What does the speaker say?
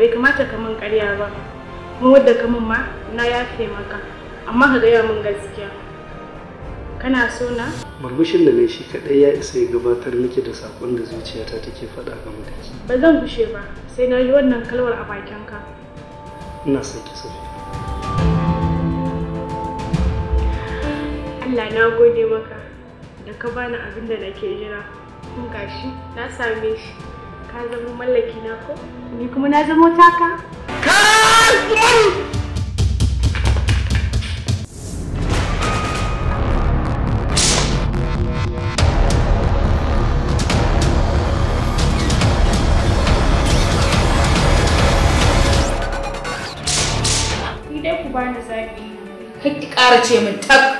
bai kamata ka min karya ba kuma wadda ka min ma na yafe maka amma ka gaya min gaskiya kana so na murmushin da ne shi kadai ya isa ya gabatar miki da sakon da zuciyata take faɗa ga mu ba zan gushe ba sai na yi wannan kalwar a bakinka ina son ki sofi Allah na gode maka da ka bani abin da nake jira kun gashi na same shi Ka zama mallaki na ko? Ni kuma na zama taka. ku bani zaɓi. Kai ki ƙara ce min tak.